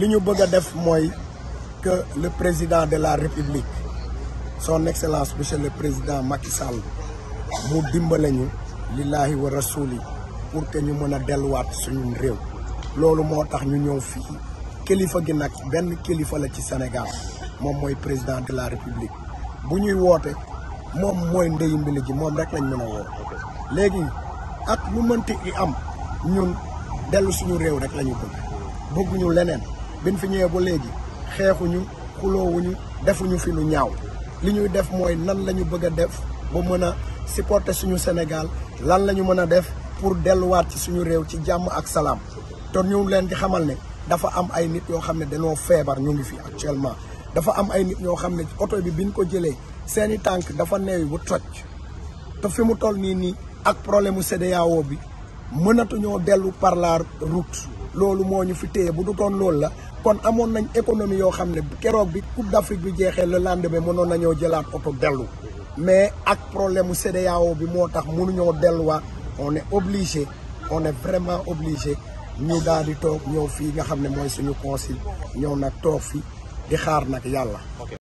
li ñu bëgg a def mooy que le président de la république son excellence monsieur le président Macky Sall mu dimbale ñu lillahi wa rasuli pour que ñu mën a delluwaat suñu réew loolu moo tax ñu ñëw fii kilifa gi nag benn kilifa la ci Sénégal moom mooy président de la république bu ñuy woote moom mooy ndeyu mbili ji moom rek lañ mën a woo léegi ak lu mënti i am ñun dellu suñu réew rek la ñu bëgg leneen bin fi ñëwee ba léegi xeexuñu xuloowuñu defuñu fi lu ñaaw li ñuy def mooy nan la ñu bëgg a def ba mën a supporter suñu Sénégal lan la ñu mën a def pour delluwaat ci suñu réew ci jàmm ak salaam te ñu leen di xamal ne dafa am ay nit yoo xam ne dañoo feebar ñu ngi fi actuellement dafa am ay nit ñoo xam ne oto bi biñ ko jëlee seeni tànk dafa neewi bu toj te fi mu toll nii nii ak problème mu CEDEAO bi mënatuñoo dellu par la loolu moñu fi téye bu du toon la kon amoon nañ économie yo xamné kérok bi Coupe d'Afrique bi jéxé le lendemain mënoon nañoo jëlat auto delu mais ak problème cdao bi motax mënu ñoo delu wa on est obligé on est vraiment obligé ñu daal di toog ñëw fii nga xamné moy suñu conseil ñoo nak toog fi di xaar nak yalla